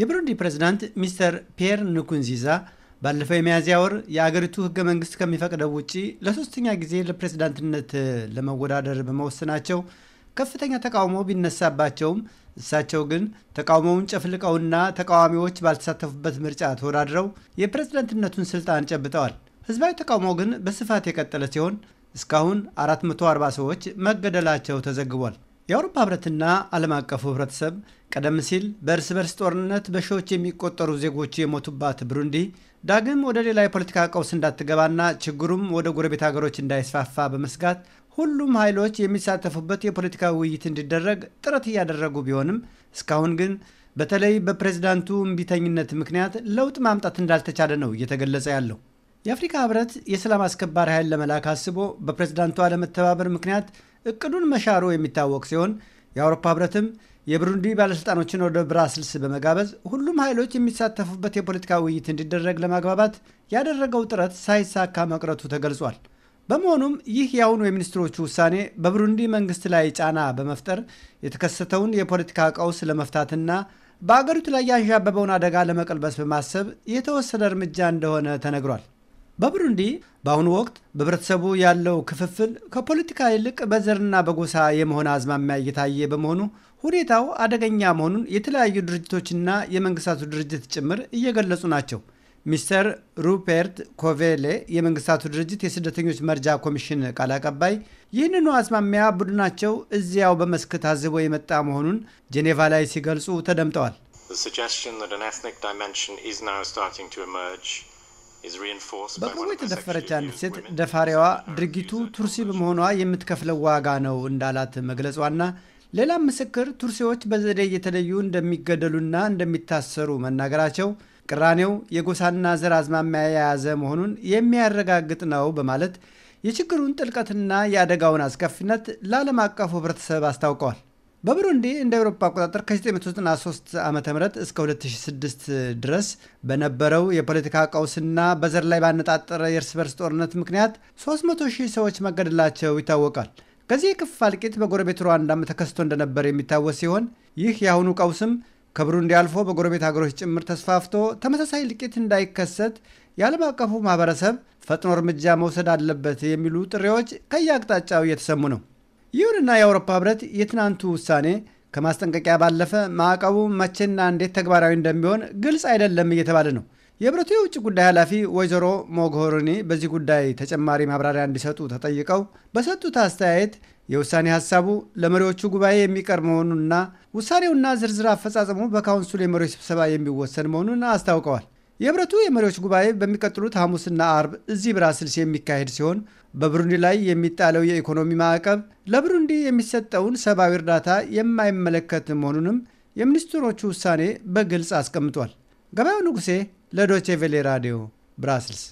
የብሩንዲ ፕሬዝዳንት ሚስተር ፒየር ንኩንዚዛ ባለፈው የሚያዝያ ወር የአገሪቱ ህገ መንግስት ከሚፈቅደው ውጪ ለሶስተኛ ጊዜ ለፕሬዝዳንትነት ለመወዳደር በመወሰናቸው ከፍተኛ ተቃውሞ ቢነሳባቸውም እሳቸው ግን ተቃውሞውን ጨፍልቀውና ተቃዋሚዎች ባልተሳተፉበት ምርጫ ተወዳድረው የፕሬዝዳንትነቱን ስልጣን ጨብጠዋል። ህዝባዊ ተቃውሞ ግን በስፋት የቀጠለ ሲሆን እስካሁን 440 ሰዎች መገደላቸው ተዘግቧል። የአውሮፓ ህብረትና ዓለም አቀፉ ህብረተሰብ ቀደም ሲል በእርስ በርስ ጦርነት በሺዎች የሚቆጠሩ ዜጎች የሞቱባት ብሩንዲ ዳግም ወደ ሌላ የፖለቲካ ቀውስ እንዳትገባና ችግሩም ወደ ጎረቤት ሀገሮች እንዳይስፋፋ በመስጋት ሁሉም ኃይሎች የሚሳተፉበት የፖለቲካ ውይይት እንዲደረግ ጥረት እያደረጉ ቢሆንም እስካሁን ግን በተለይ በፕሬዝዳንቱ እምቢተኝነት ምክንያት ለውጥ ማምጣት እንዳልተቻለ ነው እየተገለጸ ያለው። የአፍሪካ ህብረት የሰላም አስከባሪ ኃይል ለመላክ አስቦ በፕሬዝዳንቱ አለመተባበር ምክንያት እቅዱን መሻሩ የሚታወቅ ሲሆን የአውሮፓ ህብረትም የብሩንዲ ባለሥልጣኖችን ወደ ብራስልስ በመጋበዝ ሁሉም ኃይሎች የሚሳተፉበት የፖለቲካ ውይይት እንዲደረግ ለማግባባት ያደረገው ጥረት ሳይሳካ መቅረቱ ተገልጿል። በመሆኑም ይህ የአሁኑ የሚኒስትሮቹ ውሳኔ በብሩንዲ መንግስት ላይ ጫና በመፍጠር የተከሰተውን የፖለቲካ ቀውስ ለመፍታትና በአገሪቱ ላይ ያንዣበበውን አደጋ ለመቀልበስ በማሰብ የተወሰደ እርምጃ እንደሆነ ተነግሯል። በቡሩንዲ በአሁኑ ወቅት በህብረተሰቡ ያለው ክፍፍል ከፖለቲካ ይልቅ በዘርና በጎሳ የመሆን አዝማሚያ እየታየ በመሆኑ ሁኔታው አደገኛ መሆኑን የተለያዩ ድርጅቶችና የመንግስታቱ ድርጅት ጭምር እየገለጹ ናቸው። ሚስተር ሩፐርት ኮቬሌ የመንግስታቱ ድርጅት የስደተኞች መርጃ ኮሚሽን ቃል አቀባይ ይህንኑ አዝማሚያ ቡድናቸው እዚያው በመስክ ታዝቦ የመጣ መሆኑን ጄኔቫ ላይ ሲገልጹ ተደምጠዋል። በቅርቡ የተደፈረች አንዲት ሴት ደፋሪዋ ድርጊቱ ቱርሲ በመሆኗ የምትከፍለው ዋጋ ነው እንዳላት መግለጿና ሌላም ምስክር ቱርሲዎች በዘዴ እየተለዩ እንደሚገደሉና እንደሚታሰሩ መናገራቸው ቅራኔው የጎሳና ዘር አዝማሚያ የያዘ መሆኑን የሚያረጋግጥ ነው በማለት የችግሩን ጥልቀትና የአደጋውን አስከፊነት ለዓለም አቀፉ ሕብረተሰብ አስታውቀዋል። በብሩንዲ እንደ አውሮፓ አቆጣጠር ከ 93 ዓ ም እስከ 2006 ድረስ በነበረው የፖለቲካ ቀውስና በዘር ላይ ባነጣጠረ የእርስ በርስ ጦርነት ምክንያት 300 ሺህ ሰዎች መገደላቸው ይታወቃል። ከዚህ የከፋ እልቂት በጎረቤት ሩዋንዳም ተከስቶ እንደነበር የሚታወስ ሲሆን ይህ የአሁኑ ቀውስም ከብሩንዲ አልፎ በጎረቤት ሀገሮች ጭምር ተስፋፍቶ ተመሳሳይ እልቂት እንዳይከሰት የዓለም አቀፉ ማህበረሰብ ፈጥኖ እርምጃ መውሰድ አለበት የሚሉ ጥሪዎች ከየአቅጣጫው እየተሰሙ ነው። ይሁንና የአውሮፓ ህብረት የትናንቱ ውሳኔ ከማስጠንቀቂያ ባለፈ ማዕቀቡ መቼና እንዴት ተግባራዊ እንደሚሆን ግልጽ አይደለም እየተባለ ነው። የህብረቱ የውጭ ጉዳይ ኃላፊ ወይዘሮ ሞግሆርኒ በዚህ ጉዳይ ተጨማሪ ማብራሪያ እንዲሰጡ ተጠይቀው በሰጡት አስተያየት የውሳኔ ሀሳቡ ለመሪዎቹ ጉባኤ የሚቀርብ መሆኑንና ውሳኔውና ዝርዝር አፈጻጸሙ በካውንስሉ የመሪዎች ስብሰባ የሚወሰን መሆኑን አስታውቀዋል። የህብረቱ የመሪዎች ጉባኤ በሚቀጥሉት ሐሙስና አርብ እዚህ ብራስልስ የሚካሄድ ሲሆን በብሩንዲ ላይ የሚጣለው የኢኮኖሚ ማዕቀብ ለብሩንዲ የሚሰጠውን ሰብአዊ እርዳታ የማይመለከት መሆኑንም የሚኒስትሮቹ ውሳኔ በግልጽ አስቀምጧል። ገበያው ንጉሴ ለዶቼቬሌ ራዲዮ ብራስልስ